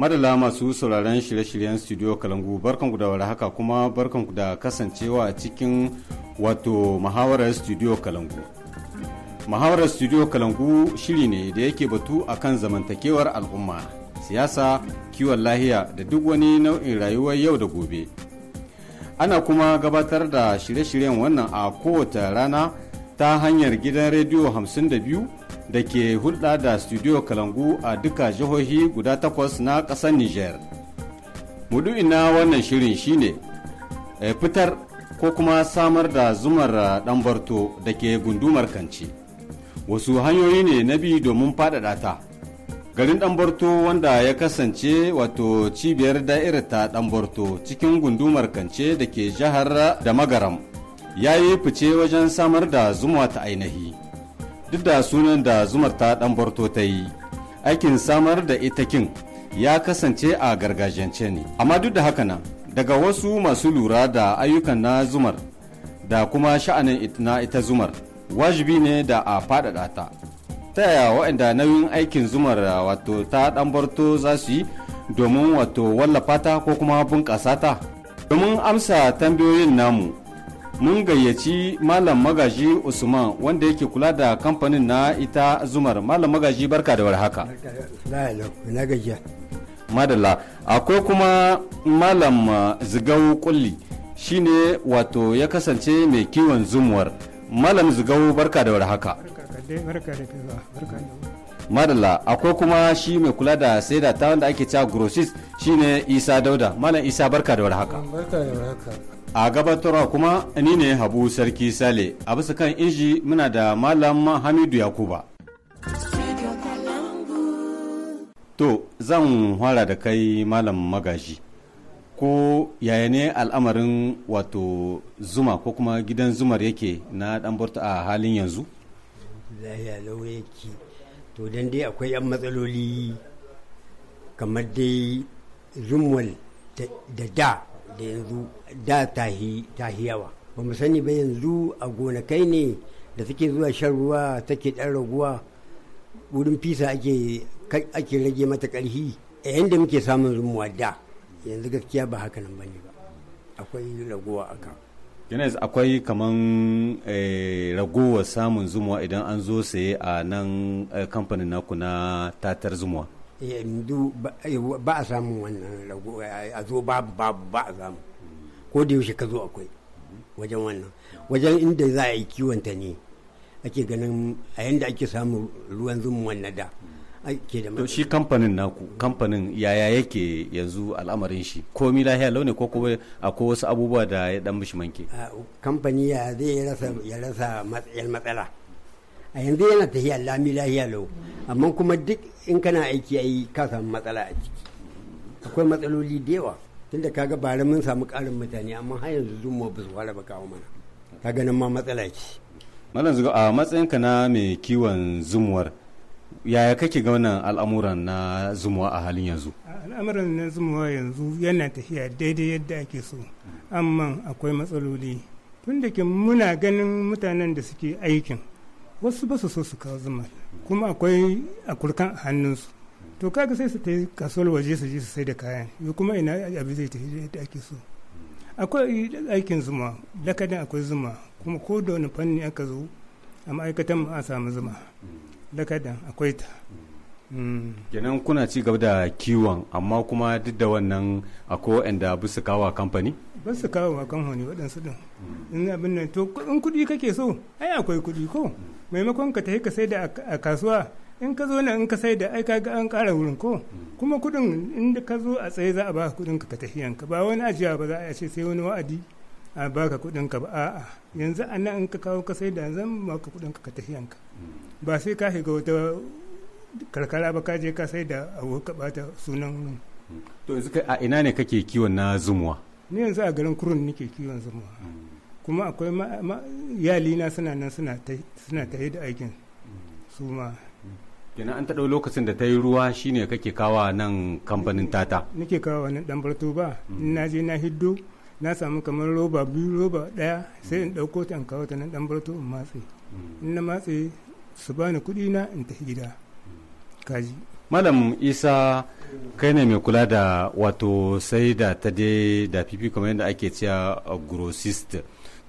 madala masu sauraron shirye-shiryen studio kalangu barkanku da haka kuma barkanku da kasancewa cikin wato muhawarar studio kalangu muhawarar studio kalangu shiri ne da yake batu akan zamantakewar al'umma siyasa kiwon lahiya da duk wani nau'in rayuwar yau da gobe ana kuma gabatar da shirye-shiryen wannan a kowace rana ta hanyar gidan rediyo 52 da ke hulɗa da studio kalangu a duka jihohi guda takwas na ƙasar nijar mudu na wannan shirin shine eh, fitar ko kuma samar da zumar eh, ɗanbarto da ke gundumar kanci wasu hanyoyi ne na bi domin faɗaɗa ta garin ɗanbarto wanda ya kasance wato cibiyar da'irar ta ɗanbarto cikin gundumar kance da ke jihar eh, da magaram ya yi fice wajen samar da zuma ta ainihi duk da sunan da zumar ta dan barto ta yi aikin samar da ita kin ya kasance a gargajiyance ne amma duk da haka nan daga wasu masu lura da ayyukan na zumar da kuma sha'anin na ita zumar wajibi ne da a faɗaɗa ta ta yaya waɗanda nauyin aikin zumar wato ta ɗan barto za su yi domin wato wallafa ta ko kuma bunƙasa ta domin amsa tambayoyin namu mun gayyaci malam magaji usman wanda yake kula da kamfanin na ita zumar malam magaji barka da warhaka madalla akwai kuma malam zigau kulli shine wato ya kasance mai kiwon zumwar malam zigau barka da warhaka madalla akwai kuma shi mai kula da saida ta wanda ake cewa grossist shine isa dauda malam isa barka da barka da warhaka a gabatarwa kuma ni ne habu sarki sale a bisa kan inji muna da malam hamidu yakuba to zan hwara da kai malam magaji ko yaya ne al'amarin wato zuma ko kuma gidan zumar yake na dan a halin yanzu to dan dai akwai 'yan matsaloli kamar dai zumwal da da da yanzu da tahiyawa yi yawa ba mu sani ba yanzu a gonakai ne da suke zuwa shan ruwa take ɗan raguwa wurin fisa ake ake rage mata karhi a yanda muke samun zumuwa da yanzu gaskiya ba haka nan bane ba akwai raguwa akan yanzu akwai kaman eh, ragowar samun zumuwa idan an zo saye a nan eh, kamfanin naku na tatar zumuwa yanzu ba a samun wannan rago eh, a zo babu babu ba a samu ko da yaushe ka zo akwai wajen wannan wajen inda za a yi kiwonta ne ake ganin a yanda ake samun ruwan zumun wannan da ake da to shi kamfanin naku kamfanin yaya yake yanzu al'amarin shi komi lahiya launi ko kuma akwai wasu abubuwa da ya dan mishi manke kamfani ya zai rasa ya rasa matsayar matsala a yanzu yana tafiya lami lahiya lau amma kuma duk in kana aiki yayi ka samu matsala a ciki akwai matsaloli da yawa tunda kaga bara mun samu karin mutane amma har yanzu zumo ba su fara ba kawo mana kaga nan ma matsala ce malam zuga a matsayinka na mai kiwon zumuwar yaya kake ga wannan al'amuran na zumuwa a halin yanzu al'amuran na zumuwa yanzu yana tafiya daidai yadda ake so amma akwai matsaloli tun da ke muna ganin mutanen da suke aikin wasu ba su so su kawo zuma kuma akwai a kurkan hannunsu to kaga sai su ta kasuwar waje su je su sai da kayan yi kuma ina abin zai tafi da ake so akwai aikin zuma lakadin akwai zuma kuma ko da wani fanni aka zo a ma'aikatan mu an samu zuma lakadin akwai ta hmm. kenan kuna ci gaba da kiwon amma kuma duk da wannan akwai waɗanda ba su kawo a kamfani ba su kawo a kamfani waɗansu din in abin nan to in kuɗi kake so ai akwai kuɗi ko maimakon ka tafi ka saida a kasuwa in ka zo nan in ka saida ai ka ga an ƙara wurin ko kuma kudin in ka zo a tsaye za a baka kudin ka tafi yanka ba wani ajiya ba za a ce sai wani wa'adi a baka kudin ka ba a'a yanzu a nan in ka kawo ka saida zan baka kudin ka tafi yanka ba sai ka shiga wata karkara ba ka je ka saida a abu ka bata sunan wurin to yanzu a ina ne kake kiwon na zumuwa ni yanzu a garin kurun nake kiwon zumuwa kuma akwai iyalina suna nan suna ta yi da aikin su ma kenan an taɗau lokacin da ta yi ruwa shine kake kawa nan kamfanin tata nake kawa nan ɗan barto ba na je na hiddo na samu kamar roba biyu roba ɗaya sai in ɗauko ta in kawo ta nan ɗan barto in matse mm. in na matse su bani kuɗi na in tafi gida kaji malam isa kai ne mai kula da wato sai da ta dai da fifi kamar yadda ake cewa grossist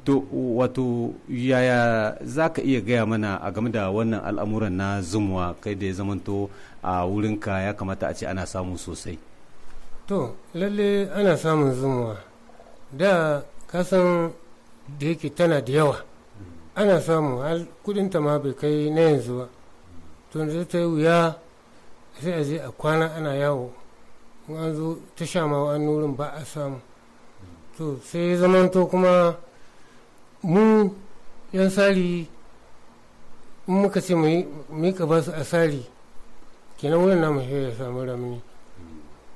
to wato yaya za ka iya gaya mana a game da wannan al'amuran na zumuwa kai da ya zamanto a wurinka ya kamata a ce ana samu sosai to lalle ana samun zumuwa da kasan da yake tana da yawa ana samu kudinta ma bai kai na yanzu ba to da ta yi wuya sai a je a kwana ana yawo an zo ta sha ma nurin ba a samu to sai zamanto kuma mu yan sari in muka ce mu yi ka ba su asari kenan wurin na mu ya samu ramni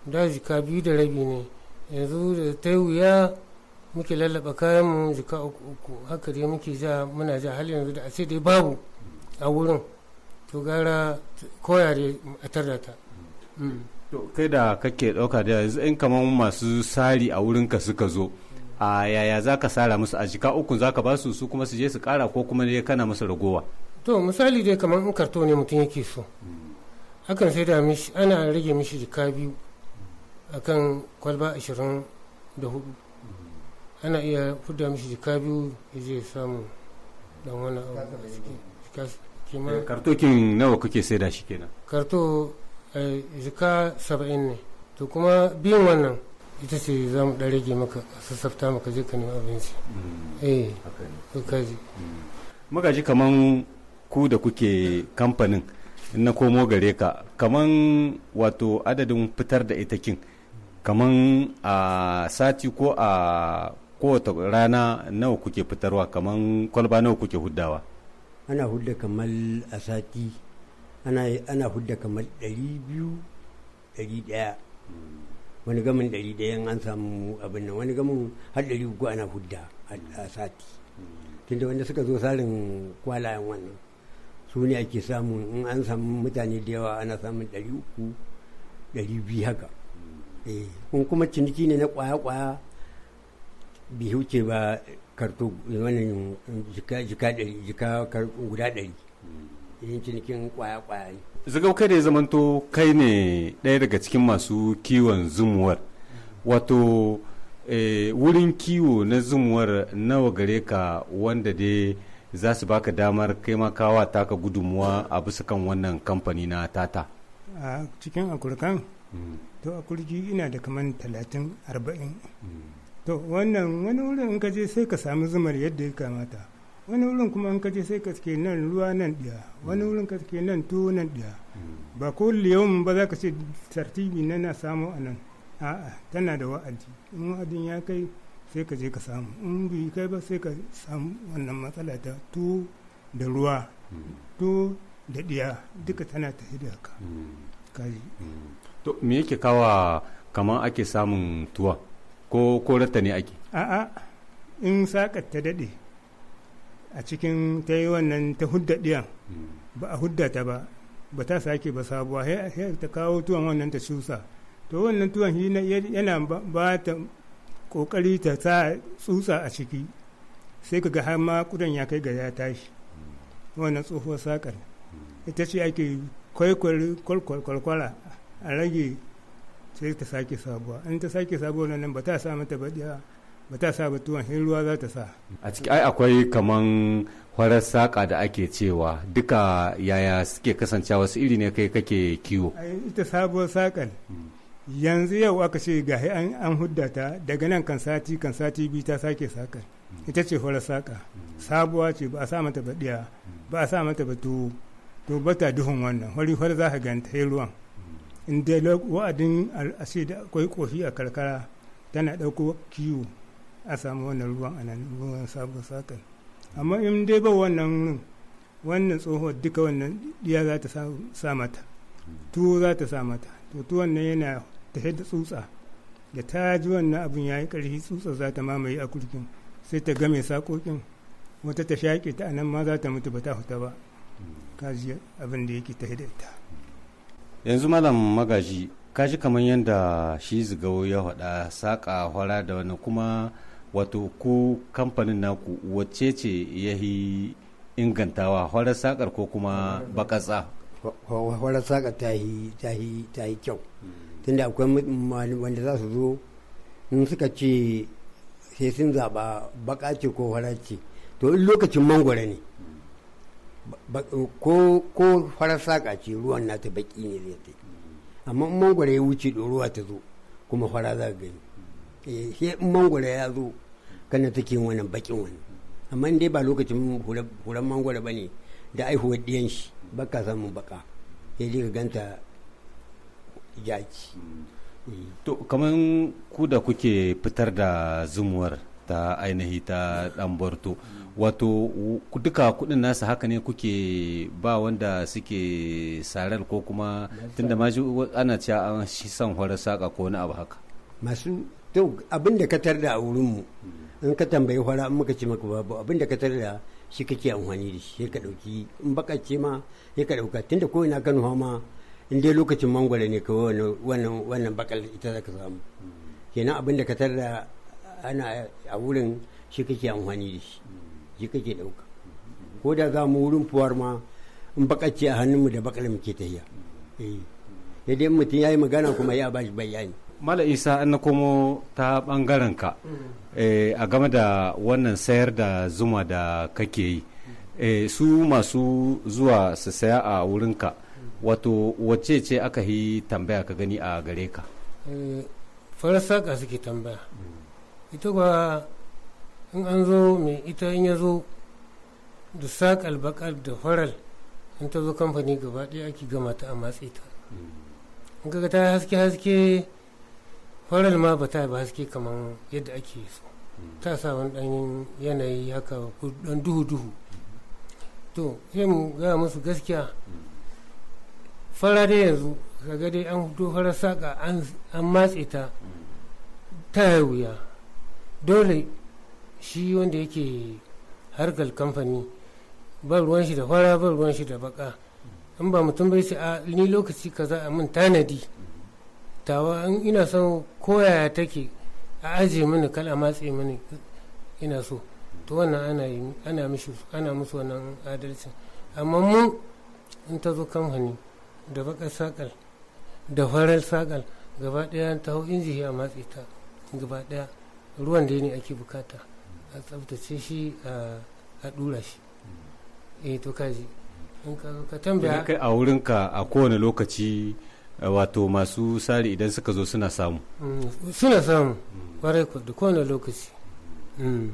da jika biyu da rabi ne yanzu da ta wuya muke lallaba kayan mu jika uku uku haka dai muke ja muna ja hali yanzu da a ce dai babu a wurin to gara koya dai a tarda mm. to kai da kake dauka da yanzu in kamar masu sari a wurinka suka zo a yaya za ka sara musu a jika uku za ka ba su su kuma su je su kara ko kuma ne kana musu ragowa to misali dai kamar in karto ne mutum yake so hakan sai da mishi ana rage mishi jika biyu akan kwalba ashirin da hudu ana iya fudda mishi jika biyu ya je samu dan wani abu a ciki kartokin nawa kuke saida shi kenan karto eh, jika saba'in ne to kuma biyun wannan ita ce za mu ɗan rage maka sassafta maka je ka nemi abinci mm. eh ka ji muka mm. ji kaman ku da kuke kamfanin na komo gare ka kaman wato adadin fitar da ita kin kaman a sati ko a kowace rana nawa kuke fitarwa kaman kwalba nawa kuke huddawa ana hudda kamar a sati ana hudda kamar 200 100 wani gamin ɗari ɗaya an samu abin nan wani gamin har ɗari uku ana hudda a sati tunda wanda suka zo sarin kwalayen wannan su ne ake samun in an samu mutane da yawa ana samun ɗari uku ɗari biyu haka eh, in kuma ciniki ne na kwaya-kwaya bi ce ba karto wani jika guda ɗari yin cinikin kwaya-kwaya ne kai kada ya zamanto kai ne ɗaya daga cikin masu kiwon zumuwar wato eh, wurin kiwo na zumuwar nawa gare ka wanda dai za su baka damar kai makawa ka gudunmuwa a bisa kan wannan kamfani na tata a cikin akurkan mm. to akurki ina da kaman talatin arba'in mm. to wannan wani wurin in ka je sai ka sami zumar yadda ya kamata wani wurin kuma an kace sai ka suke nan ruwa nan ɗiya wani mm. wurin ka suke nan tuwo nan ɗiya mm. ba ko liyawan ba za ka ce tartibi na na samu a nan a'a tana da wa'adi in wa'adin ya kai sai ka je ka samu in bi kai ba sai ka samu wannan matsala ta tuwo da ruwa mm. tuwo da ɗiya duka tana ta ka kaji to me yake kawa kamar ake samun tuwa ko ko ne ake a'a in saƙa ta daɗe a cikin ta yi wannan ta hudda ɗiyan hmm. ba a hudda ta ba ba ta sake ba sabuwa sai ta kawo tuwon wannan ta cusa to wannan tuwon yana ba ta kokari ta sa tsutsa a ciki sai ka ga har ma kudan ya kai ga ya tashi hmm. wannan tsohuwar sakar hmm. ita ce ake kwalkwala a rage sai ta sake sabuwa in ta sake sabuwa nan ba ta sa mata baɗiya ba ta sa batuwan tuwon ruwa za ta sa a ciki ai akwai kaman farar saƙa da ake cewa duka yaya suke kasancewa wasu iri ne kai kake kiwo ita sabuwar saƙar yanzu yau aka ce ga an hudda daga nan kan sati kan sati biyu ta sake saƙar ita ce farar saƙa sabuwa ce ba a sa mata baɗiya ba a sa mata batu to ba ta duhun wannan hori har za ka ganta ruwan in da wa'adin a ce da akwai ƙofi a karkara tana ɗauko kiwo a samu wannan ruwan nan ruwan sabon sakan amma in dai ba wannan ruwan wannan tsohuwar duka wannan diya za ta sa mata tuwo za ta sa mata to tuwon nan yana ta da tsutsa da ta ji wannan abin ya yi ƙarfi tsutsa za ta mamaye a kurkin sai ta game sakokin wata ta shaƙe ta anan ma za ta mutu ba ta huta ba ka ji abin da yake ta da ita yanzu malam magaji kaji kamar yadda shi zigawo ya faɗa saƙa hwara da wani kuma wato ko kamfanin naku wacce ce ya yi ingantawa horar sakar ko kuma bakatsa horar sakar ta yi kyau tunda akwai wanda za su zo in suka ce sai sun zaɓa baka ce ko horar ce to in lokacin mangwara ne ko farar saƙa ce ruwan ta baƙi ne zai ta amma in mangwara ya wuce ruwa ta zo kuma fara za gani Eh, mangwara ya zo kana ke wani bakin wani amma dai ba lokacin huran mangwara ba ne da aihuwar diyan shi baka samun baka ya je ka ganta jaci eh. to kamar ku da kuke fitar da zumuwar ta ainihi ta ɗanbarto wato duka kudin nasa haka ne kuke ba wanda suke sarar ko kuma tunda ma ana cewa an shi san horar saka ko wani abu haka masu to abin da ka tarda a wurinmu in ka tambayi fara in muka ce maka babu abin da ka tarda shi kake amfani da shi ka dauki in baka ce ma ya ka dauka tunda ko ina kan ma in dai lokacin mangwara ne kawai wannan wannan bakal ita zaka samu kenan abin da ka tarda ana a wurin shi kake amfani da shi shi kake dauka ko da za mu wurin fuwar ma in ce a hannunmu da bakal muke tahiya eh dai mutum ya yi magana kuma ya bashi bayani mala isa an na komo ta bangaren ka mm. eh, a game da wannan sayar da zuma da kake yi eh, su masu zuwa su saya a wurinka wato wacce ce aka yi tambaya ka gani a gare ka eh, farar saƙa suke tambaya mm. ita ba in an zo mai ita in ya zo da sakal baƙar da faral in ta zo kamfani gaba ɗaya ake gama ta a matse ta mm. in ga ta haske haske farar ma ba ta ba haske kamar yadda ake so ta sa wani dan yanayi haka ɗan duhu-duhu to sai mu ga musu gaskiya fara dai yanzu kaga dai an fito farar saƙa an matse ta ta wuya dole shi wanda yake harkar kamfani ba ruwan shi da fara ba ruwan shi da baka in ba mutum bai sai a ni lokaci kaza a mun tanadi tawa in ina son koyaya take a aje mini kala matse mini ina so to wannan ana yi ana mishi ana musu wannan adalcin amma mu in ta zo kamfani da bakar sakal da farar sakal gaba daya ta hau inji a matse ta gaba daya ruwan da ne ake bukata a tsabtace shi a dura shi eh to kaji in ka tambaya a wurinka a kowane lokaci Eh, wato masu sari idan suka zo suna samu mm, suna samu kwarai da kowane lokaci mm,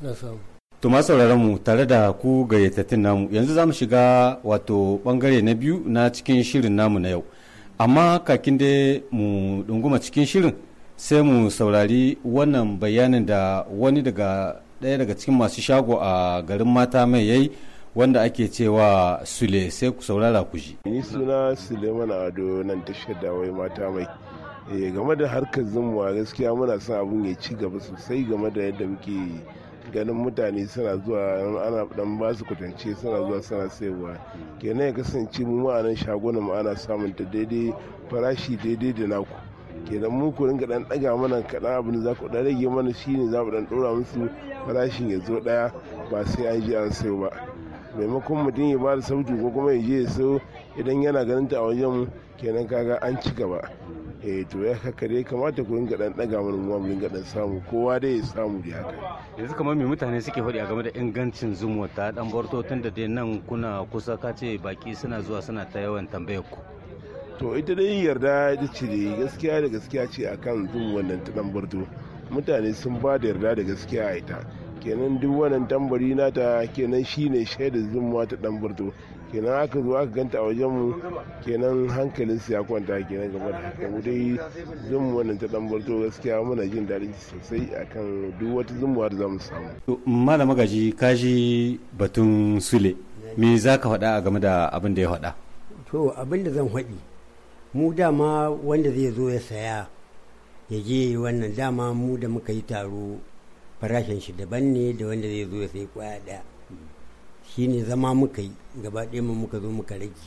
suna samu to ma sauraron mu tare da ku gayyatattun namu yanzu za mu shiga wato bangare na biyu na cikin shirin namu na yau amma kakin da mu dunguma cikin shirin sai mu saurari wannan bayanin da wani daga daya daga cikin masu shago a garin mata mai yayi wanda ake cewa sule sai ku saurara ku ji. ni suna suleiman ado nan tashar wai mata mai eh, game da harkar zumuwa gaskiya muna son abun ya ci gaba sosai game da yadda muke ganin mutane suna zuwa ana dan ba su kwatance suna zuwa suna saiwa kenan ya kasance mu ma'anan shagunan mu ana samun ta daidai farashi daidai da naku kenan mu ku ringa dan daga mana kaɗan abin za ku dan rage mana shine za mu dan dora musu farashin ya zo daya ba sai an ji an sayo ba maimakon mutum ya bada sauki ko kuma ya je ya so idan yana ganin ta a wajen kenan kaga an ci gaba eh to ya haka dai kamata ku ringa dan daga wani ruwa mu ringa dan samu kowa dai ya samu da haka yanzu kamar me mutane suke faɗi a game da ingancin zumo ta dan barto tun da dai nan kuna kusa ka ce baki suna zuwa suna ta yawan tambayar ku to ita dai yarda da cire gaskiya da gaskiya ce akan zumo wannan ta dan barto mutane sun ba da yarda da gaskiya a ita kenan duk wannan tambari nata kenan shine shaidar zumuwa ta dan burto kenan aka zo aka ganta a wajen mu kenan hankalin su ya kwanta kenan game da haka mu dai zumma wannan ta dan burto gaskiya muna jin daɗin sosai akan duk wata zumuwa da zamu samu to malama gaji kaji batun sule me za ka faɗa a game da abin da ya faɗa to abin da zan faɗi mu dama wanda zai zo ya saya ya je wannan dama mu da muka yi taro farashin shi daban ne da wanda zai zo ya sai kwaya ɗaya shi ne zama muka yi gaba ɗaya muka zo muka rage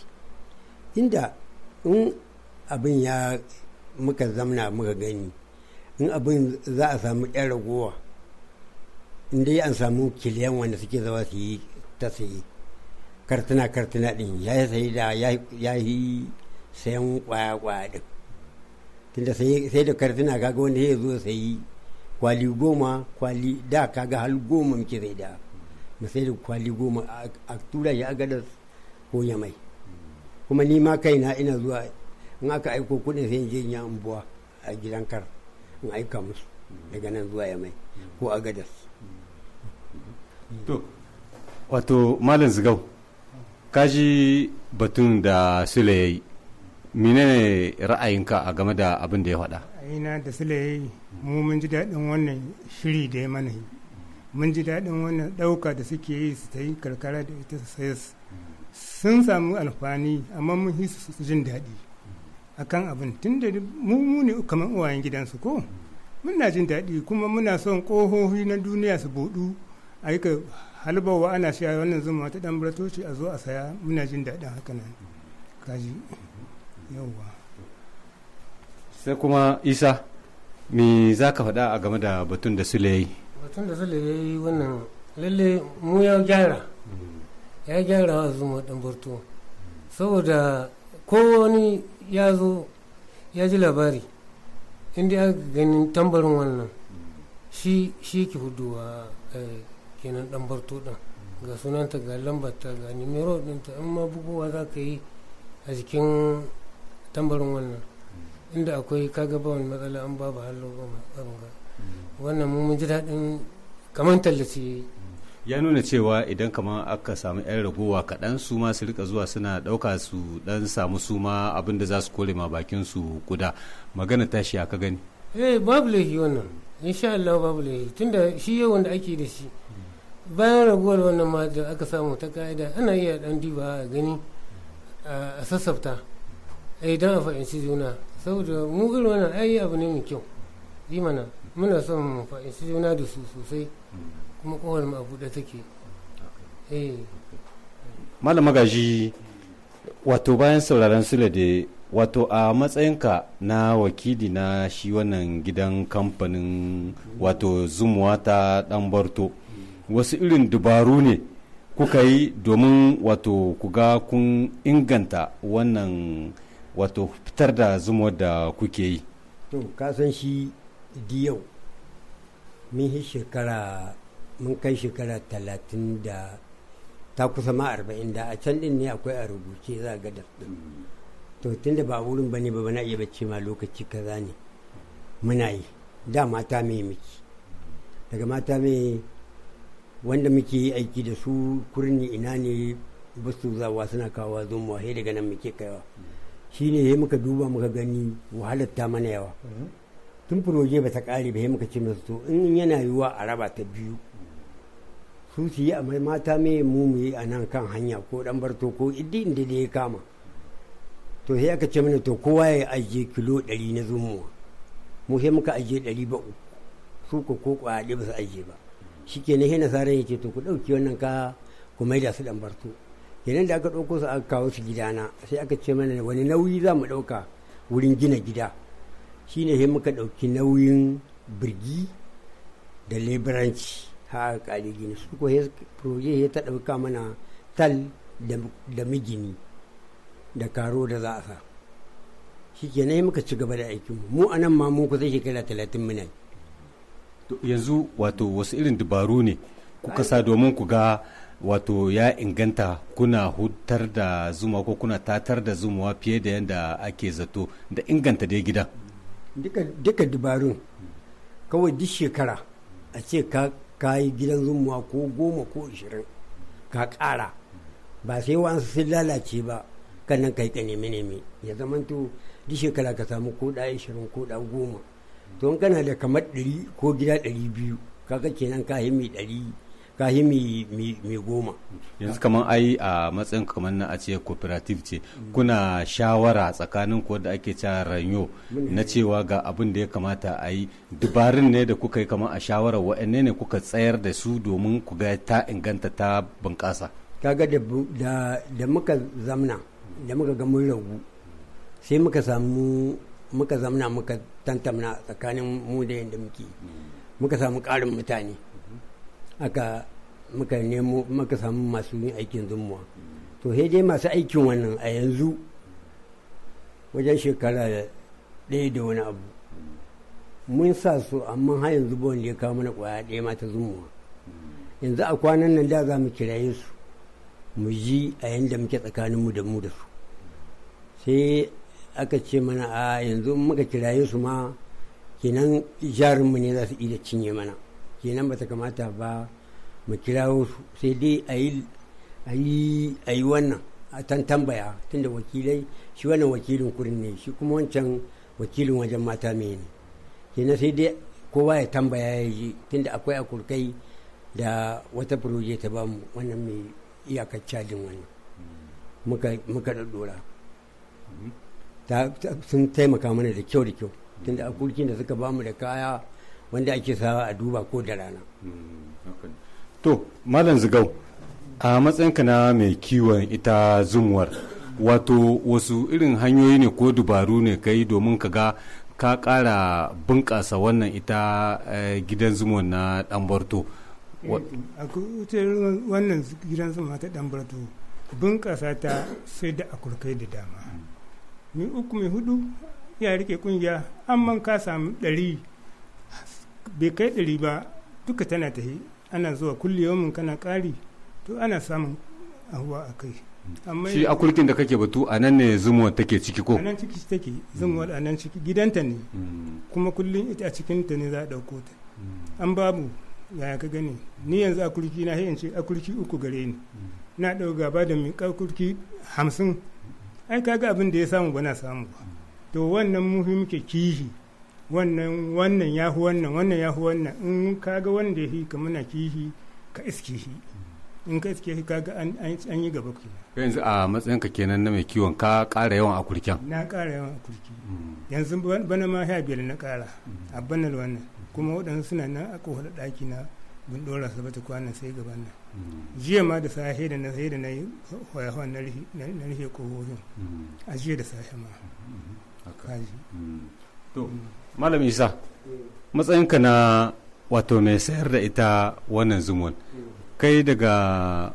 inda in abin ya muka zamna muka gani in abin za a samu ɗan ragowa in dai an samu kiliyan wanda suke zawa su yi ta sayi kartuna kartuna ɗin ya yi sayi da ya yi sayan kwaya kwaya ɗin tunda sai da kartuna kaga wanda ya zo sayi kwali goma kwali da kaga hal goma muke zai da mu da kwali goma a tura ya agadar ko ya mai kuma ni ma na ina zuwa in aka aiko kudin sai je ya ambuwa a gidan kar in aika musu daga nan zuwa ya mai ko agadas to wato malam zigau kaji batun da sule yayi menene ra'ayinka a game da abin da ya faɗa Aina da sule mu mun ji daɗin wannan shiri da ya mana yi mun ji daɗin wannan ɗauka da suke yi su ta yi karkara da ita sayas sun samu alfani amma mun yi su jin daɗi a kan abin tun da mu ne kamar uwayen gidansu ko muna jin daɗi kuma muna son ƙohohi na duniya su buɗu a yi halbawa ana shi a wannan zuma ta ɗan a zo a saya muna jin daɗin haka nan kaji yauwa sai kuma isa me za ka faɗa a game da batun da sule yi batun da sule ya yi wannan lalle mu ya gyara ya gyara wa zuma ɗan burtu saboda kowani ya zo ya ji labari inda aka ganin tambarin wannan shi shi hudu a eh, kenan ɗan burtu ɗin ga sunanta ga lambata ga nimero ɗinta in ma bugowa za ka yi a jikin tambarin wannan inda akwai kaga ba wani matsala an babu hallo ba ga wannan mun ji daɗin kamar tallace ya nuna cewa idan kamar aka samu 'yan ragowa kaɗan su ma su rika zuwa suna ɗauka su ɗan samu su ma abin da za su kore ma bakin su guda magana tashi aka gani eh babu laifi wannan insha Allah babu laifi tunda shi yawan da ake da shi bayan raguwar wannan ma da aka samu ta ka'ida ana iya ɗan diba a gani a sassafta idan eh, a fahimci juna saboda mu irin wannan ai abu ne mai kyau yi mana muna son mu fa'inci juna da su sosai kuma kowar ma abu da take eh. malam magaji wato bayan sauraron sule da wato a matsayinka na wakili na shi wannan gidan kamfanin wato zumuwa ta dan barto wasu irin dubaru ne kuka yi domin wato kuga kun inganta wannan wato fitar da zuma da kuke yi to ka san shi yau mun yi shekara mun kai shekara talatin da ta kusa ma arba'in da a can din ne akwai a rubuce za ga da to tun da ba wurin ba ne ba bana iya bacci ma lokaci kaza ne muna yi da mata mai miki daga mata mai wanda muke yi aiki da su kurni ina ne ba su zawa suna kawo zuma mu daga nan muke kaiwa Shi ne ya muka duba muka gani wahalar ta mana yawa tun furoje ba ta kare ba ya muka ce masu to in yana yiwuwa a raba ta biyu su su yi a mata mai mu mu a nan kan hanya ko dan barto ko iddi inda da ya kama to sai aka ce mana to kowa ya ajiye kilo ɗari na zumuwa mu sai muka ajiye ɗari ba uku su ko ko kwaɗe ba su ajiye ba shi ke na sai nasarar ya ce to ku ɗauki wannan ka ku maida su dan barto kenan da aka ɗauko su aka kawo su gidana sai aka ce mana wani nauyi za mu ɗauka wurin gina gida ne sai muka ɗauki nauyin birgi da leburanci har gini su ko proje ya ta ɗauka mana tal da migini da karo da za a sa shi kenan muka ci gaba da aikinmu mu a nan ma mun kusa shekara talatin muna yanzu wato wasu irin dabaru ne kuka sa domin ku ga wato ya inganta kuna hutar da zuma ko kuna tatar da zumawa fiye da yadda ake zato da inganta dai gida duka dabarun kawai duk shekara a ce ka yi gidan zumawa ko goma ko ishirin ka ƙara ba sai an sun lalace ba kanan kai ka nemi nemi ya zamanto duk shekara ka samu ko da ishirin ko da goma to kana da kamar ɗari ko gida ɗari biyu kaga kenan ka yi mai ɗari gahi mai goma yanzu kamar ai a matsayin kamar na a ce cooperative ce kuna shawara tsakanin ku da ake cewa ranyo na cewa ga abin da ya kamata a yi dubarin ne da kuka yi kamar a shawara wa'anne ne kuka tsayar da su domin ku ga ta inganta ta bunƙasa kaga da muka zamna da muka ga mun ragu sai muka samu muka zamna muka tantamna tsakanin mu da yadda muke muka samu ƙarin mutane aka muka nemo muka samu masu yin aikin zumuwa to sai dai masu aikin wannan a yanzu wajen shekara ɗaya da wani abu mun sa su amma har yanzu ba wanda ya kawo mana kwaya ɗaya mata zumuwa yanzu a kwanan nan da za mu kiraye su mu ji a yanda muke tsakaninmu da mu da su sai aka ce mana a yanzu muka kiraye su ma kenan jarinmu ne za su iya cinye mana kenan ba ta kamata ba mu kirawo su sai dai a yi a wannan a tan tambaya tunda wakilai shi wannan wakilin kurin ne shi kuma wancan wakilin wajen mata mai ne kenan sai dai kowa ya tambaya ya tun tunda akwai akurkai da wata furoje ta mu wannan mai iyakar cajin wannan muka ɗaɗɗora sun taimaka mana da kyau da kyau tunda akurkin da suka bamu da kaya wanda ake sawa a duba ko da rana hmm, to malam zigau a matsayinka na mai kiwon ita zumwar, wato wasu irin hanyoyi ne ko dubaru ne ka yi domin ka ga ka ƙara bunƙasa wannan ita eh, gidan zumwar na ɗanbarto eh, wannan gidan zumwar ta ɗanbarto bunƙasa ta sai da akurkai da dama hmm. mai uku mai hudu ya rike kungiya amma ka samu ɗari bai kai ɗari ba duka tana ta yi ana zuwa kulli yawmin kana ƙari to ana samun ahuwa a kai shi a kulkin da kake batu a nan ne zumuwar take ciki ko a nan ciki take zumuwar a nan ciki gidanta ne mm. kuma kullum ita a cikin ta ne za a ɗauko ta mm. an babu yaya ka gani ni yanzu a kulki na in a kulki uku gare ni mm. na ɗau gaba da mai kulki hamsin ai kaga abin da ya samu ba na samu ba to wannan muhimmin ke kihi wannan wannan ya fi wannan wannan ya fi wannan in ka ga wanda ya fi ka muna kihi ka iske shi in ka iske shi ga an yi gaba kenan yanzu a matsayinka kenan na mai kiwon ka ƙara yawan a na ƙara yawan a kurki mm. yanzu bana ma ya biyar na ƙara a banal wannan kuma waɗansu suna nan a ƙofar ɗaki na bin ɗora su bata kwanan sai gaban nan mm. jiya ma da safe da na sai da na yi hoyahon na rufe ƙofofin mm. a jiya da safe ma kaji to malam isa matsayinka na wato mai sayar da ita wannan zumon kai daga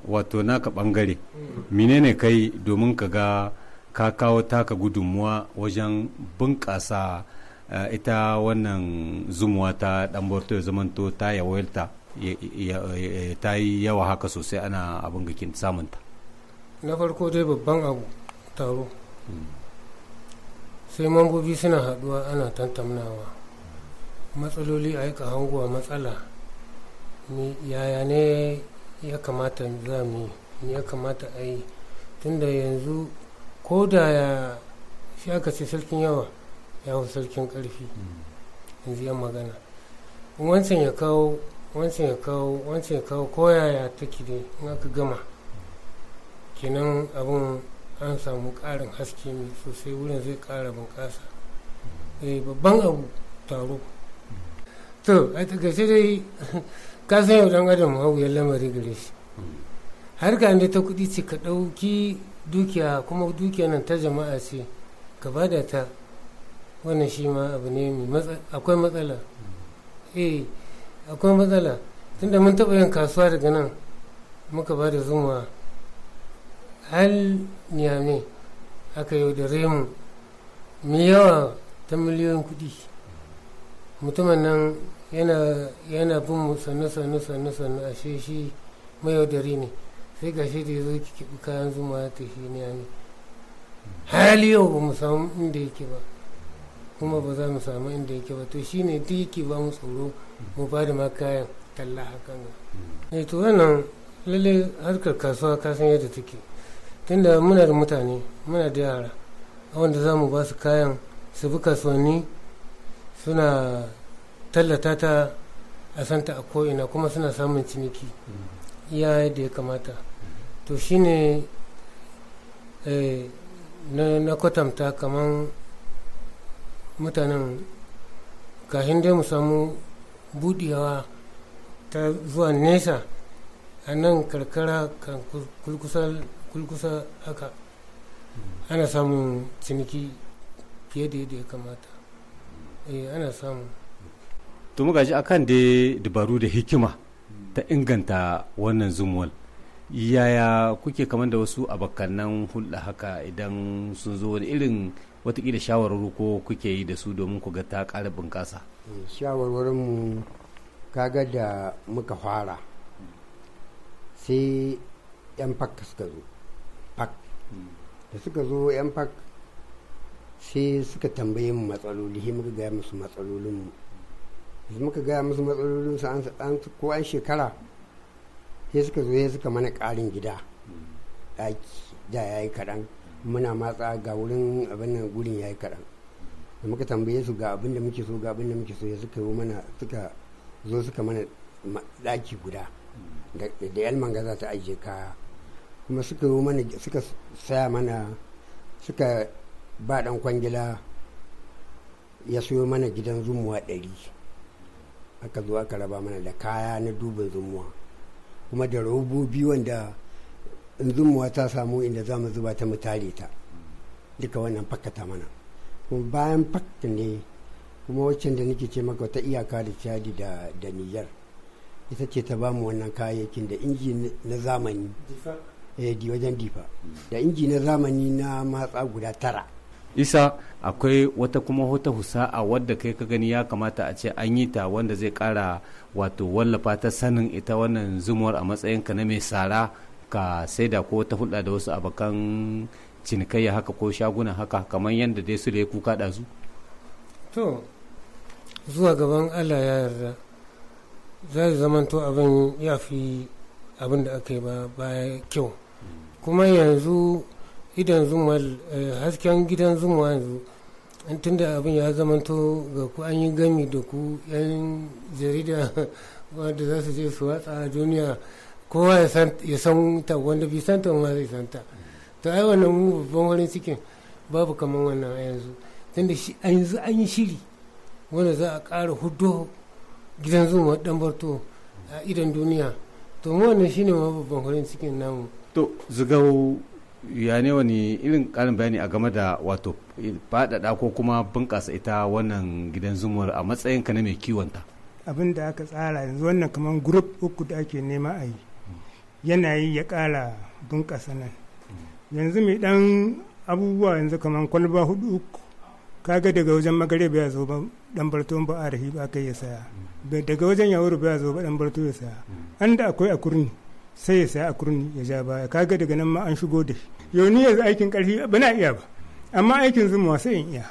wato naka bangare menene kai domin ka ga ka kawo taka gudunmuwa wajen bunƙasa eh, ita wannan zumuwa ta ɗanborto ya zamanto ta yawaita ta yi yawa haka sosai ana abin gakin samunta na farko dai babban abu taro hmm. sai mambobi suna haduwa ana tantamnawa matsaloli a yi hanguwa matsala yaya ne ya kamata za mu yi ya kamata a yi tunda yanzu ko da ya shi aka ce sarkin yawa ya fi sarkin karfi yanzu yan magana wancan ya kawo wancan ya kawo wancan ya kawo koyaya take dai in aka gama kenan abin an samu ƙarin haske mai sosai wurin zai ƙara bunƙasa eh, babban abu taro to a takaice dai ka san yau dan adam ya lamari gare shi har ka ta kuɗi ce ka ɗauki dukiya kuma dukiya nan ta jama'a ce ka bada ta wannan shi ma abu ne mai akwai matsala eh akwai matsala tunda mun taɓa yin kasuwa daga nan muka ba da zuma hal niyame aka yaudare mu mai yawa ta miliyoyin kudi mutumin nan yana bin mu sannu sannu sannu sannu a shi mai yaudari ne sai ga shi da ya zo kiɓi kayan zuma ya tafi niyame hali yau ba mu samu inda yake ba kuma ba za mu samu inda yake ba to shi shine duk yake ba mu tsoro mu ba da ma kayan talla hakan ne eh, to wannan lalle harkar kasuwa kasan yadda take tunda muna da mutane muna da yara wanda za mu ba su kayan su bi kasuwanni suna tallata ta a santa a ko'ina kuma suna samun ciniki mm-hmm. iya yadda ya kamata to shine eh, na kwatanta kamar mutanen kashin dai mu samu buɗewa ta zuwa nesa a nan karkara kan kusa kulkusa haka ana samun ciniki fiye da yadda ya kamata eh ana samun. to muka ji akan da dabaru da hikima ta inganta wannan zumuwal yaya kuke kamar da wasu abokanan hulɗa haka idan sun zo wani irin watakila shawarwar ko kuke yi da su domin ku ga ta ƙara bunƙasa shawarwarinmu kaga da muka fara sai 'yan fakka suka zo da suka zo yan fak sai suka tambaye mu matsaloli sai muka gaya musu matsalolin mu muka gaya musu matsalolin su an ko an shekara sai suka zo ya suka mana ƙarin gida ɗaki da ya yi kaɗan muna matsa ga wurin abin nan gurin ya yi kaɗan da muka tambaye su ga abin da muke so ga abin da muke so ya suka yi mana suka zo suka mana ɗaki guda da yalman gaza ta ajiye kaya kuma suka yi mana suka saya mana suka ba dan kwangila ya siyo mana gidan zumuwa ɗari aka zo aka raba mana da kaya na dubin zumuwa kuma da robobi wanda in zumuwa ta samu inda za mu zuba ta mu ta duka wannan fakata mana kuma bayan fakta ne kuma waccan da nake ce maka wata iyaka da cadi da niyar ita ce ta ba mu wannan kayayyakin da inji na zamani di wajen difa da injinin na zamani na matsa guda tara isa akwai wata kuma husa a wadda kai ka gani ya kamata a ce an yi ta wanda zai kara wato wallafa ta sanin ita wannan zumuwar a matsayin ka na mai sara ka da ko ta hulɗa da wasu abokan cinikayya haka ko shaguna haka kamar yadda dai su da ya kuka ɗazu to zuwa gaban allah ya yarda za zamanto abin ya fi abin da aka yi ba baya kyau kuma yanzu idan zuma eh, hasken gidan zuma yanzu tunda abin ya zamanto ga ku an yi gami da ku yan jarida wanda za su je su watsa a duniya kowa ya san ta wanda bi santa ma zai san ta to ai wannan mu babban wurin cikin babu kamar wannan a yanzu tunda a yanzu an yi shiri wanda za a ƙara hudu gidan zuma dan barto a idan duniya to mu wannan shine ma babban wurin cikin namu to zugau ya ne wani irin karin bayani a game da wato faɗaɗa ko kuma bunƙasa ita wannan gidan zumur a matsayin ka na mai kiwonta abin da aka tsara yanzu wannan kamar grup uku da ake nema a yi yanayi ya ƙara bunƙasa nan yanzu mai dan abubuwa yanzu kamar kwalba hudu uku kaga daga wajen magare ba ya zo ba dan barto ba a rahi ba kai ya saya daga wajen yawuru ba ya zo ba dan barto ya saya an da akwai a kurni sai ya saya a kurni ya ja baya kaga daga nan ma an shigo da shi yau ni yanzu aikin karfi ba na iya ba amma aikin zumuwa sai in iya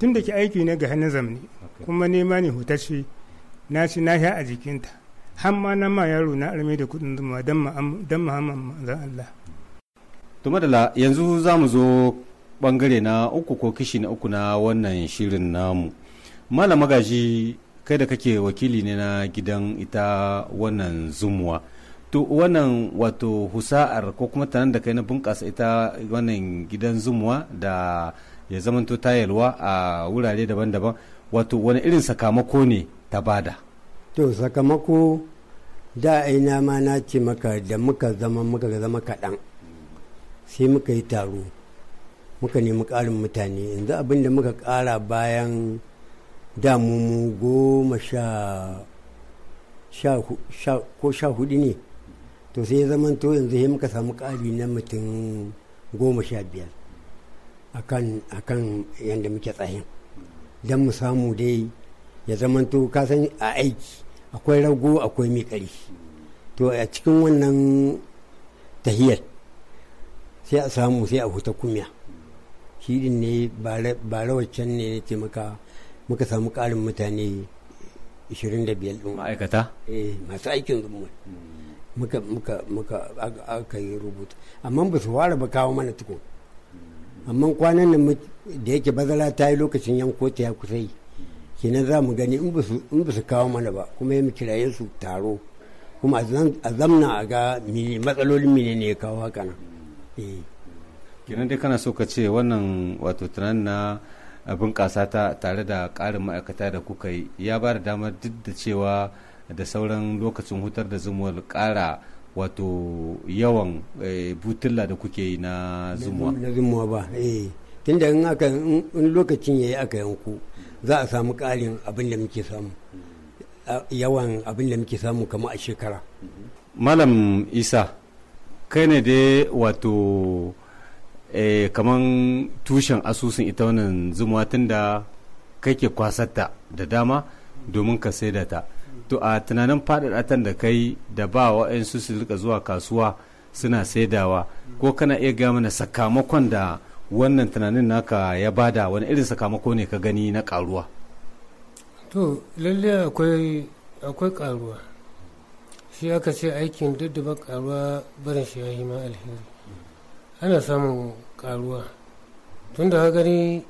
tun da ke aiki na ga hannun zamani kuma nema ne hutar shi na ci na sha a jikinta har ma na ma yaro na arme da kudin zumuwa don muhammad manzan allah yanzu za mu zo bangare na uku ko kishi na uku na wannan shirin namu malam magaji kai da kake wakili ne na gidan ita wannan zumuwa to wannan wato husa'ar ko kuma tanan da kai na bunƙasa ita wannan gidan zumuwa da ya zamanto tayalwa a wurare daban-daban wato wani irin sakamako ne ta bada to sakamako da aina ma na ce maka da muka zama muka zama kaɗan sai muka yi taro muka nemi ƙarin mutane yanzu abin da muka ƙara bayan damu goma sha ko sha hudu ne to sai ya zama to yanzu ya muka samu ƙari na mutum goma sha biyar akan akan yadda muke tsayin don mu samu dai ya zama to kasan a aiki akwai rago akwai mai to a cikin wannan tahiyar sai a samu sai a huta kumya shi din ne ba rawacin ne na ce muka samu ƙarin mutane 25 ɗin ma'aikata eh masu aikin zumbul muka muka muka aka yi rubutu amma ba su fara ba kawo mana tukun amma kwanan nan da yake bazala ta yi lokacin yan kotu ya kusa yi kina za mu gani in ba su kawo mana ba kuma ya kirayen su taro kuma a zamna a ga matsalolin mene ne ya kawo haka nan eh. kenan dai kana so ka ce wannan wato tunan na bunƙasa ta tare da ƙarin ma'aikata da kuka yi ya ba da damar duk da cewa da sauran lokacin hutar da zumuwar ƙara wato yawan eh, butulla da kuke yi na zumuwa na zumuwa ba eh tunda da in lokacin yayi aka yanku za a samu karin abin da muke samu yawan abin da muke samu kama a shekara malam isa kai ne dai wato eh, kaman tushen asusun ita wannan zumuwa tun da kake kwasarta da dama domin ka saida ta to a tunanin faɗaɗa da kai da ba wa'ansu su rika zuwa kasuwa suna saidawa ko kana iya gaya mana sakamakon da wannan tunanin naka ya bada wani irin sakamako ne ka gani na karuwa to lalle akwai akwai karuwa shi aka ce aikin daddaba karuwa barin shi yayi ma alheri ana samun karuwa tun da gani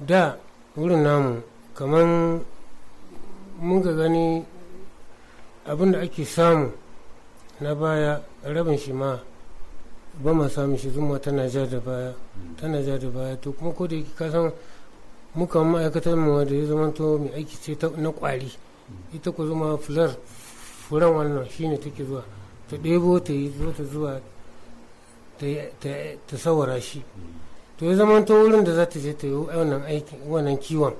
da wurin namu kamar. mun ga gani abin da ake samu na baya rabin shi ma ba ma samu shi zuma tana ja da baya tana ja da baya to kuma ko da yake kasan muka ma'aikatar mu da ya zama to mai aiki ce na kwari ita ku zuma fular furan wannan shine take zuwa ta ɗebo ta yi zo ta zuwa ta saura shi to ya zama ta wurin da za ta je ta yi wannan kiwon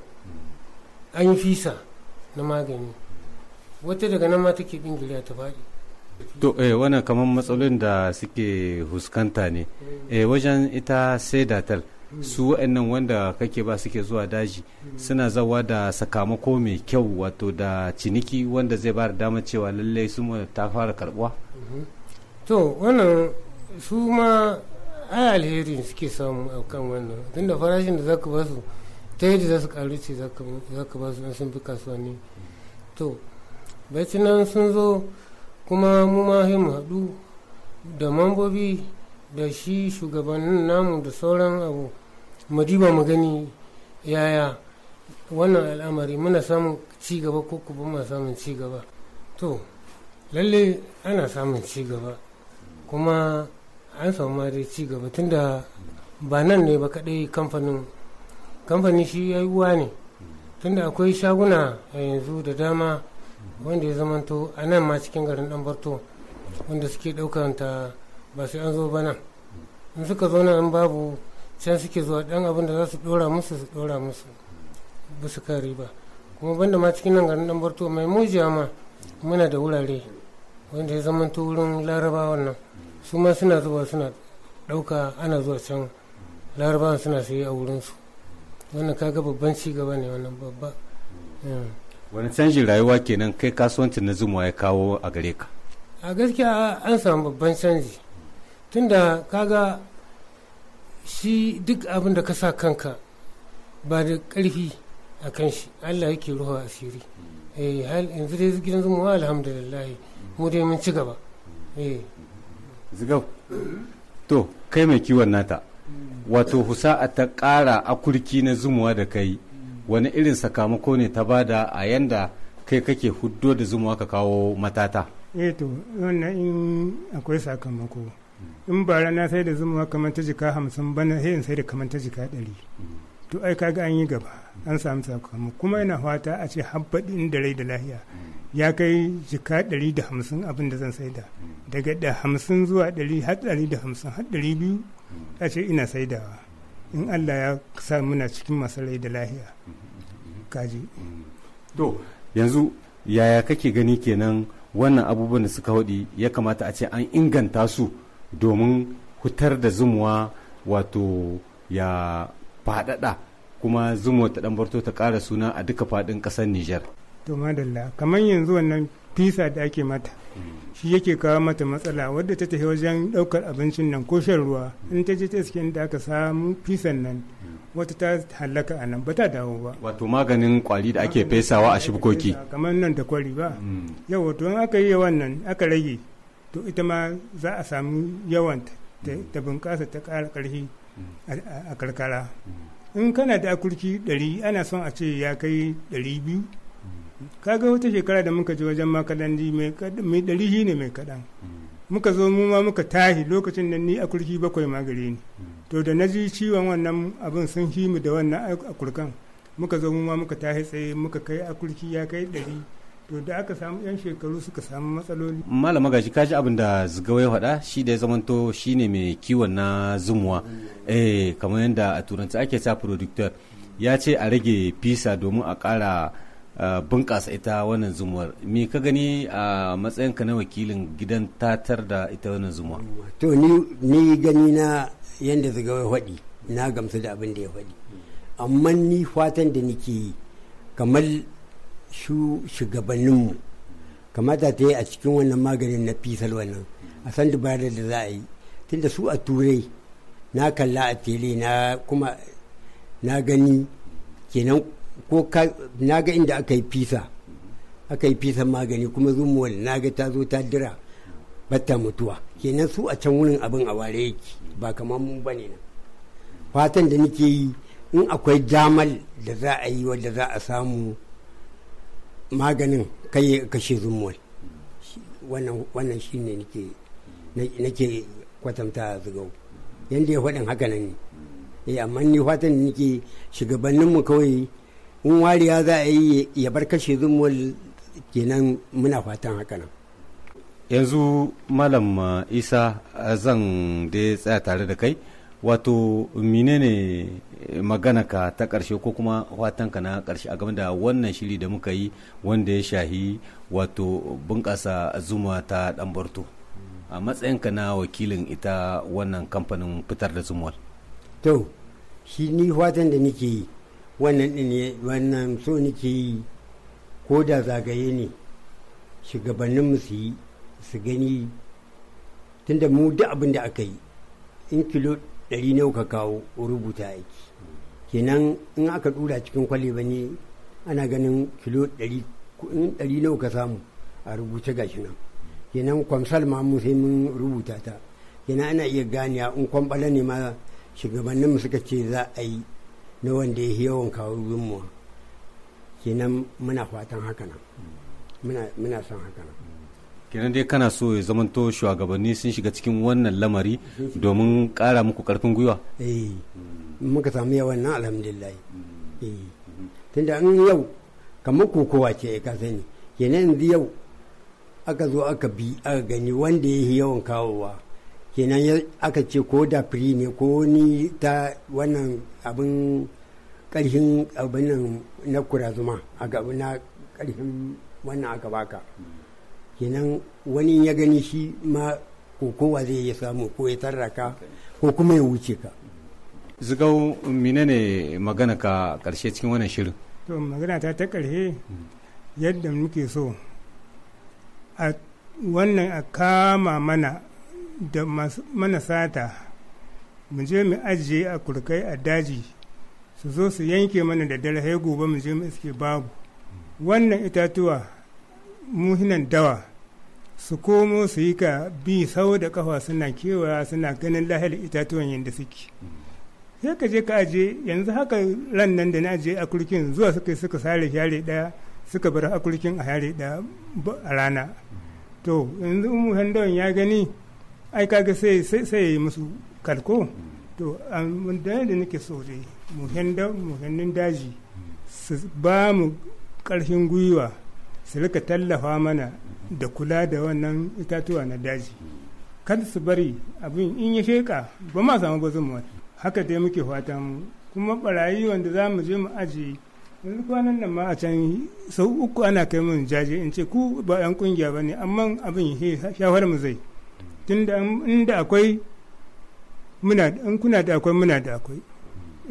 an yi fisa na magani wata daga nan ma take bingiliya ta faɗi to eh wannan kamar matsalolin da suke huskanta ne hmm. eh wajen ita sai datal hmm. su wa'annan wanda kake ba suke zuwa daji hmm. suna zawa da sakamako mai kyau wato da ciniki wanda zai ba da damar cewa lallai su ta fara karbuwa to wannan su ma ai alheri suke samu a kan wannan tunda farashin da zaka ba su ta yadda za su karu ce za ka ba su sun fi kasuwanni to bai nan sun zo kuma mu ma mu haɗu da mambobi da shi shugabannin namu da sauran abu mu magani mu gani yaya wannan al'amari muna samun ci gaba ko kuma samun ci gaba to lalle ana samun ci gaba kuma an samu ma dai ci gaba tunda ba nan ne ba kaɗai kamfanin kamfani shi ya yi uwa ne tunda akwai shaguna a yanzu da dama wanda ya zamanto a nan ma cikin garin dan barto wanda suke ɗaukanta ba sai an zo ba nan in suka zo nan babu can suke zuwa dan abin da za su ɗora musu su ɗora musu ba su kare ba kuma banda ma cikin nan garin dan barto mai mujiya ma muna da wurare wanda ya zamanto wurin larabawan nan su ma suna zuwa suna ɗauka ana zuwa can larabawan suna sayi a wurinsu wannan kaga babban ci ne wannan babba eh. wani canjin rayuwa kenan kai kasuwancin na zuma ya kawo a gare ka a gaskiya an samu babban canji tunda kaga shi duk abin da ka sa kanka ba da karfi a kan shi allah yake ruwa asiri eh hal yanzu dai gidan zuma alhamdulillah mu dai mun ci gaba eh zigau to kai mai kiwon nata wato husa'a ta ƙara akurki na zumuwa da kai wani irin sakamako ne ta bada a yanda kai kake huddo da zumuwa ka kawo matata eh to wannan in akwai sakamako in bara na sai da zumuwa kamar ta jika hamsin bana sai in sai da kamar ta jika ɗari to ai kaga an yi gaba an samu sakamako kuma ina fata a ce habbaɗin da rai da lahiya ya kai jika ɗari da hamsin abin da zan saida daga da hamsin zuwa ɗari har ɗari da hamsin har ɗari biyu ta ce ina saidawa in allah ya sa muna cikin masarai da lahiya kaji to yanzu yaya kake gani kenan wannan abubuwan da suka haɗi ya kamata a ce an inganta su domin hutar da zumuwa wato ya faɗaɗa kuma zumuwa ta dan ta kara suna a duka faɗin kasar Nijar. To madalla kamar yanzu wannan fisa da ake mata shi yake kawo mata matsala wadda ta tafi wajen ɗaukar abincin nan ko shan ruwa in ta je ta iske da aka samu fisan nan wata ta halaka a nan ba ta dawo ba wato maganin kwari da ake fesawa a shibkoki kamar nan da kwari ba hmm. yau wato in aka yi yawan nan aka rage to ita ma za a samu yawan ta hmm. bunƙasa ta ƙara ƙarfi hmm. a karkara in kana da akurki ɗari ana son a ce ya kai ɗari biyu kaga wata shekara da muka ji wajen makalandi mai dari shi ne mai kaɗan mm. muka zo mu ma muka tahi lokacin da ni a kurki bakwai ma gare ni mm. to da na ji ciwon wannan abin sun shi mu da wannan a kurkan muka zo mu ma muka tahi tsaye muka kai a kurki ya kai dari to da aka samu yan shekaru suka samu matsaloli malama magaji kaji abin da zugawai faɗa shi da ya zamanto ne mai kiwon na zumuwa eh kamar yadda a turanci ake sa producteur ya ce a rage fisa domin a ƙara Ah, bunƙasa ita wannan zumuwar me ka gani a matsayinka na wakilin gidan tatar da ita wannan zumuwa to ni gani na yadda zaga faɗi na gamsu da abin da ya faɗi amma ni fatan da nake kamar shu shugabanninmu kamata ta yi a cikin wannan maganin na fisal wannan a san dabarar da za a yi tunda su a turai na kalla a tele na kuma na gani kenan ko na ga inda aka yi fisa aka yi fisan magani kuma zumuwal na ga ta zo ta dira batta mutuwa kenan su a can wurin abin a ware yake ba kamar mu bane nan fatan da nake yi in akwai damal da za a yi wadda za a samu maganin kai kashe zumuwal wannan shi ne nake kwatanta zugau yadda ya faɗin haka nan ne eh, amma ni fatan da nake shugabanninmu kawai in wariya za a yi ya bar kashe zumul kenan muna fatan haka nan yanzu malam uh, isa uh, zan da tsaya tare da kai wato menene eh, magana ka ta ƙarshe ko kuma fatan ka na ƙarshe a game da wannan shiri da muka yi wanda ya shahi wato bunƙasa zuma ta ɗanbarto a matsayinka na wakilin ita wannan kamfanin fitar da zumuwar to shi ni fatan da nake yi wannan ɗin wannan so nake yi ko da zagaye ne shugabanninmu su yi su gani tunda mu duk abin da aka yi in kilo ɗari ne ka kawo rubuta aiki kenan in aka ɗura cikin kwaleba ne ana ganin kilo ɗari nawa ka samu a rubuta gashi nan kenan kwamsal ma mu sai mun rubuta ta kenan ana iya ganiya in kwamɓala ne ma shugabanninmu suka ce za a yi na wanda ya yawan kawo gudunmuwa kenan muna fatan haka nan muna son haka nan kenan dai kana so ya zama to shugabanni sun shiga cikin wannan lamari domin kara muku karfin gwiwa eh muka samu yawan nan alhamdulillah eh tunda an yau kamar kokowa ce eh, ka sani kenan yanzu yau aka zo aka bi aka gani wanda ya yawan kawowa kenan aka ce ko da firi ne ko ni ta wannan abin karhin abin na kurazuma a gaba na ƙarfin wannan aka baka kenan wani ya gani shi ma ko kowa zai ya samu ko ya tarraka ko kuma ya wuce ka zigau menene magana ka karshe cikin wannan shirin to magana ta ta karshe yadda muke so a wannan a kama mana da mana sata mu je mu ajiye a kurkai a daji su zo su yanke mana da dare sai gobe mu je mu iske babu wannan itatuwa muhinan dawa su komo su yi ka bi sau da kafa suna kewaya suna ganin lahiyar itatuwan yadda suke sai ka je ka aje yanzu haka ran nan da na aje kurkin zuwa suka suka sare yare daya suka bar a kurkin a yare daya a rana to yanzu umu dawan ya gani ai kaga sai sai yi musu kalko to da ne nake so dai hannun daji su ba mu karfin gwiwa su rika tallafa mana da kula da wannan itatuwa na daji kar su bari abin in ya sheka ba ma samu ba zuma haka dai muke fata mu kuma barayi wanda za mu je mu ajiye yanzu kwanan nan ma a can sau uku ana kai mun jaje in ce ku ba yan kungiya ba ne amma abin shawar mu zai tunda inda akwai muna in kuna da akwai muna da akwai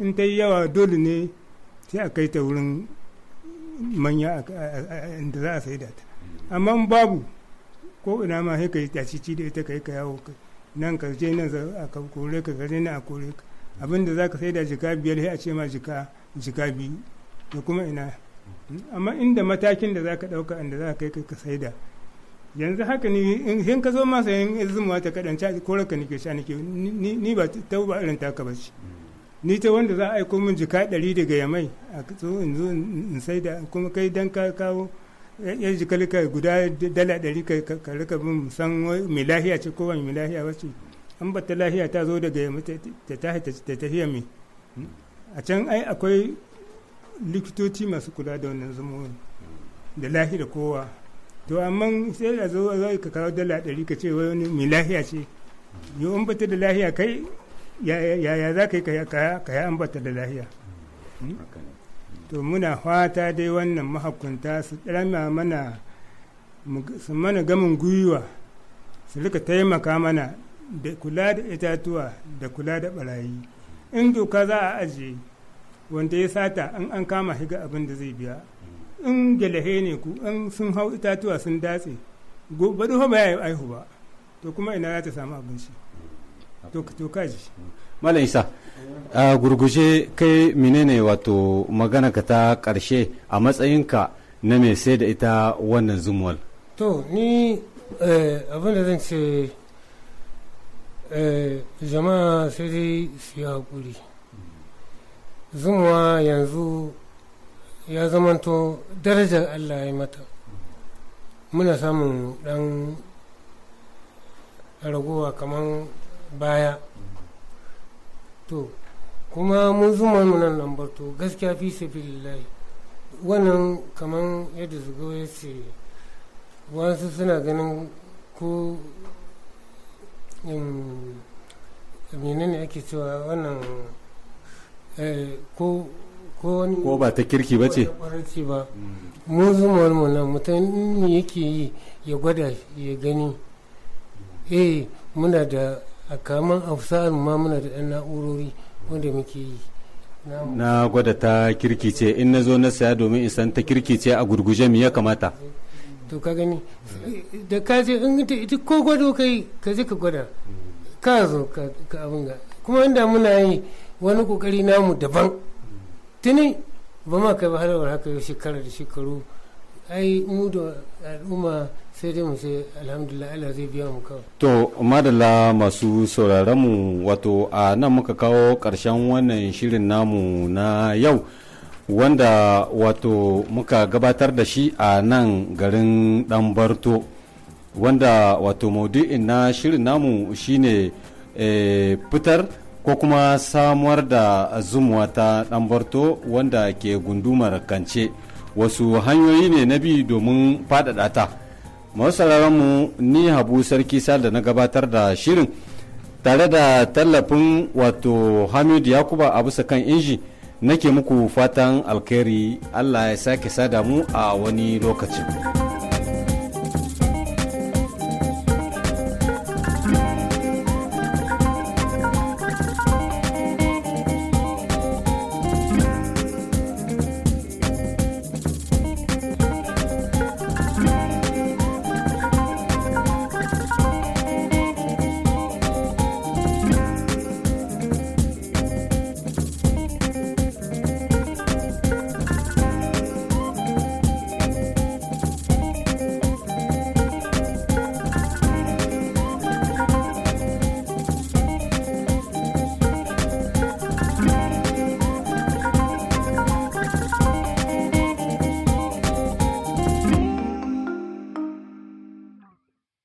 in ta yi yawa dole ne sai a kai ta wurin manya inda za a sai da ta amma babu ko ina ma sai ka yi tashici da ita ka yi ka yawo nan ka je nan a kore ka kare nan a kore ka abinda za ka sai da jika biyar sai a ce ma jika jika biyu da kuma ina amma inda matakin da za ka ɗauka inda za ka kai ka sai da yanzu haka ni in ka zo masa yin izumuwa ta kaɗan ca ko raka nake sha nake ni ba ta ba irin taka ba ce ni ta wanda za a aiko min jika ɗari daga yamai a so in zo in sai da kuma kai dan ka kawo yan jika lika guda dala ɗari ka rika bin san mai lahiya ce ko wani mai lahiya ba ce an ba ta lahiya ta zo daga yamai ta tahi ta tafiya mai a can ai akwai likitoci masu kula da wannan zumuwa da lahira kowa to amma sai a zo ka kawo dala ɗari ka ce wani mai lahiya ce yau an bata da lahiya kai ya ya za ka yi ka yi an bata da lahiya hmm? to muna fata dai wannan mahakunta su ɗarama mana su mana gamin gwiwa su rika taimaka mana da kula da itatuwa da kula da barayi in doka za a ajiye wanda ya sata in an kama higa abin da zai biya in gelehe ne ku an sun hau itatuwa sun datse gobe duhu ba ya aihu ba to kuma ina za ta samu abinci to kaji malam isa a gurguje kai menene wato magana ka ta karshe a matsayinka na mai sai da ita wannan zumwal to ni eh, abin da zan ce eh, jama'a sai dai su yi haƙuri yanzu ya zamanto darajar allah ya mata muna samun dan ragowa kamar baya to kuma mun zuma nan lambar to gaskiya fi sabilillahi wannan kamar yadda su ya ce wasu suna ganin ko um, menene ake cewa wannan eh, ko ko ba ta kirki ba ce mu zuma wani nan mutum yake yi ya gwada ya gani eh muna da a kaman afsa'ar ma muna da ɗan na'urori wanda muke yi na gwada ta kirki ce in na zo na saya domin in san ta kirki ce a gurguje mi ya kamata to ka gani da ka je in ita ko gwado kai ka je ka gwada ka zo ka abin ga kuma inda muna yi wani kokari namu daban tuni ba ma kai ba halawar haka yau shekara da shekaru ai mu da al'umma sai dai mu sai alhamdulillah Allah zai biya mu kawai. To madalla masu sauraron mu wato a nan muka kawo ƙarshen wannan shirin namu na yau wanda wato muka gabatar da shi a nan garin dan barto wanda wato maudu'in na shirin namu shine eh, fitar ko kuma samuwar da zumuwa ta ɗanbarto wanda ke gundumar kance wasu hanyoyi ne na bi domin faɗaɗa ta mu ni habu sarki sal da na gabatar da shirin tare da tallafin wato hamidu yakuba a bisa kan inji nake muku fatan alkhairi allah ya sake sada mu a wani lokacin.